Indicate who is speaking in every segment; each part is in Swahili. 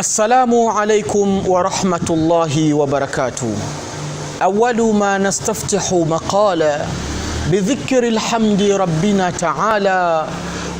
Speaker 1: السلام عليكم ورحمة الله وبركاته أول ما نستفتح مقالا بذكر الحمد ربنا تعالى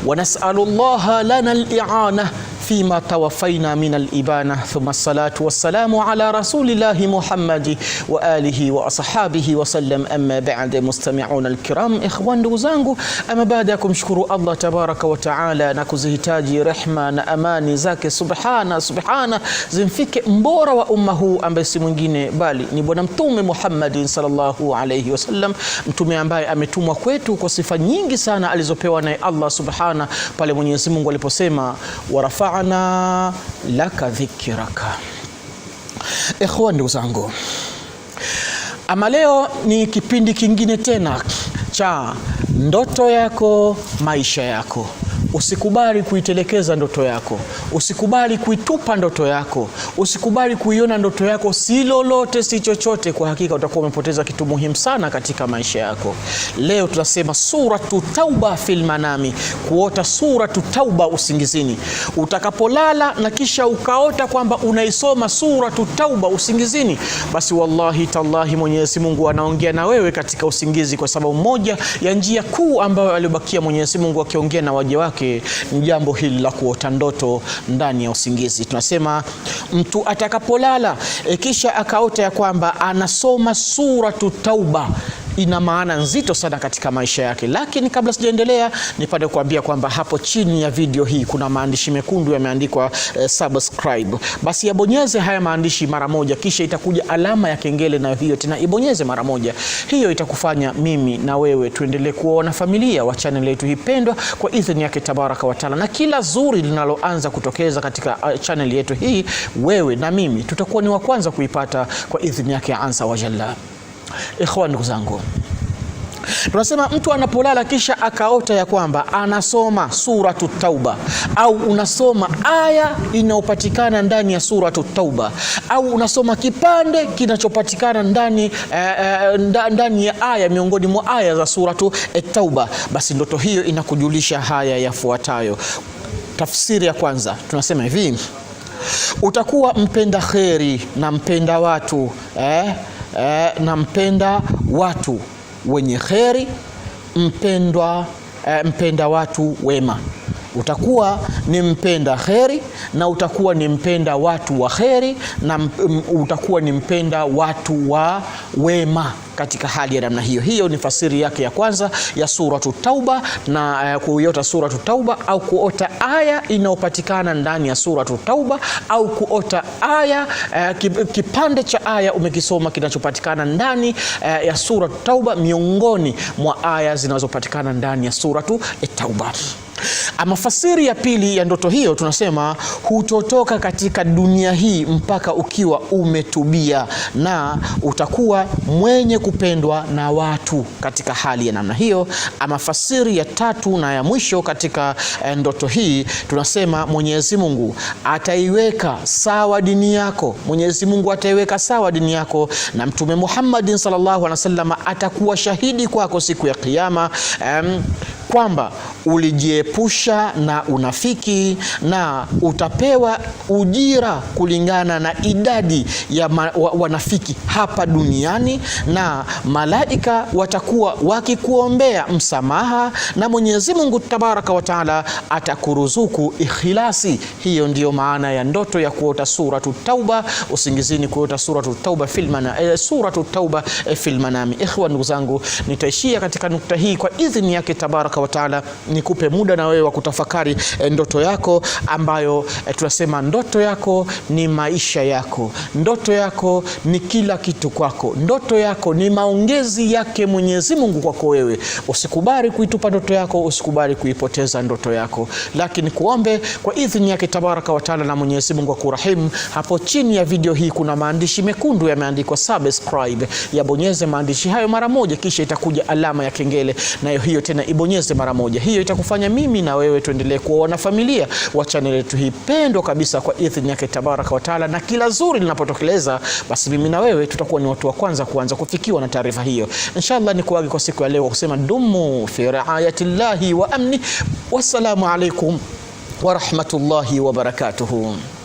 Speaker 1: ونسأل الله لنا الإعانة fima tawafaina min alibana thumma salatu wassalamu ala rasulillahi Muhammadi wa alihi wa ashabihi wasallam, amma ba'd. Mustami'una alkiram, ikhwan, ndugu zangu, ama baada ya kumshukuru Allah tabaraka wa taala na kuzihitaji rehma na amani zake subhana subhana zimfike mbora wa umma huu ambaye si mwingine bali ni Bwana Mtume Muhammadin sallallahu alayhi wasallam, mtume ambaye ametumwa kwetu kwa sifa nyingi sana alizopewa naye Allah subhana pale Mwenyezi Mungu aliposema warafaa rafana laka dhikraka. Ikhwan, ndugu zangu, ama leo ni kipindi kingine tena cha ndoto yako maisha yako. Usikubali kuitelekeza ndoto yako, usikubali kuitupa ndoto yako, usikubali kuiona ndoto yako si lolote si chochote. Kwa hakika utakuwa umepoteza kitu muhimu sana katika maisha yako. Leo tunasema suratu tauba fil manami, kuota suratu tauba usingizini. Utakapolala na kisha ukaota kwamba unaisoma suratu tauba usingizini, basi wallahi tallahi, Mwenyezi Mungu anaongea na wewe katika usingizi, kwa sababu moja ya njia kuu ambayo aliobakia Mwenyezi Mungu akiongea na waja wake yake ni jambo hili la kuota ndoto ndani ya usingizi. Tunasema mtu atakapolala e, kisha akaota ya kwamba anasoma suratu Tauba ina maana nzito sana katika maisha yake. Lakini kabla sijaendelea, nipate kuambia kwamba hapo chini ya video hii kuna maandishi mekundu yameandikwa eh, subscribe. Basi yabonyeze haya maandishi mara moja, kisha itakuja alama ya kengele, nayo hiyo tena ibonyeze mara moja. Hiyo itakufanya mimi na wewe tuendelee kuwa wanafamilia wa channel yetu hii pendwa, kwa idhini yake tabaraka wa taala, na kila zuri linaloanza kutokeza katika eh, channel yetu hii, wewe na mimi tutakuwa ni wa kwanza kuipata kwa idhini yake ansa wa jalla. Ikhwan, ndugu zangu, tunasema mtu anapolala kisha akaota ya kwamba anasoma suratu Tauba au unasoma aya inayopatikana ndani ya suratu Tauba au unasoma kipande kinachopatikana ndani, eh, eh ndani ya aya miongoni mwa aya za suratu Tauba, basi ndoto hiyo inakujulisha haya yafuatayo. Tafsiri ya kwanza tunasema hivi, utakuwa mpenda kheri na mpenda watu eh? eh, na mpenda watu wenye kheri mpendwa, eh, mpenda watu wema, utakuwa ni mpenda kheri na utakuwa ni mpenda watu wa kheri na um, utakuwa ni mpenda watu wa wema katika hali ya namna hiyo. Hiyo ni fasiri yake ya kwanza ya suratu Tauba na uh, kuiota suratu Tauba au kuota aya inayopatikana ndani ya suratu Tauba au kuota aya uh, kipande cha aya umekisoma kinachopatikana ndani uh, ya suratu Tauba miongoni mwa aya zinazopatikana ndani ya suratu Tauba. Ama fasiri ya pili ya ndoto hiyo tunasema hutotoka katika dunia hii mpaka ukiwa umetubia na utakuwa mwenye kupendwa na watu katika hali ya namna hiyo. Ama fasiri ya tatu na ya mwisho katika eh, ndoto hii tunasema Mwenyezi Mungu ataiweka sawa dini yako. Mwenyezi Mungu ataiweka sawa dini yako, na Mtume Muhammadin sallallahu alaihi wasallam atakuwa shahidi kwako siku ya Kiyama. um, kwamba ulijiepusha na unafiki na utapewa ujira kulingana na idadi ya ma, wa, wanafiki hapa duniani, na malaika watakuwa wakikuombea msamaha, na Mwenyezi Mungu Tabaraka wa Taala atakuruzuku ikhilasi. Hiyo ndiyo maana ya ndoto ya kuota suratu Tauba usingizini, kuota suratu Tauba filmana, e, eh, suratu Tauba eh, filmanami. Ikhwa, ndugu zangu, nitaishia katika nukta hii kwa idhini yake Tabaraka wa taala nikupe muda na wewe wa kutafakari e, ndoto yako ambayo e, tunasema ndoto yako ni maisha yako, ndoto yako ni kila kitu kwako, ndoto yako ni maongezi yake Mwenyezi Mungu kwako wewe. Usikubali kuitupa ndoto yako, usikubali kuipoteza ndoto yako, lakini kuombe kwa idhini yake tabaraka wataala na Mwenyezi Mungu akurahimu. Hapo chini ya video hii kuna maandishi mekundu yameandikwa subscribe, yabonyeze maandishi hayo mara moja, kisha itakuja alama ya kengele, nayo hiyo tena ibonyeze usikose mara moja. Hiyo itakufanya mimi na wewe tuendelee kuwa wanafamilia wa channel yetu hii pendwa kabisa kwa idhini yake tabaraka wa taala, na kila zuri linapotokeleza, basi mimi na wewe tutakuwa ni watu wa kwanza kuanza kufikiwa na taarifa hiyo. Inshallah kuage kwa siku ya leo kusema dumu fi riayatillahi wa amni. Wassalamu alaikum warahmatullahi wabarakatuhu.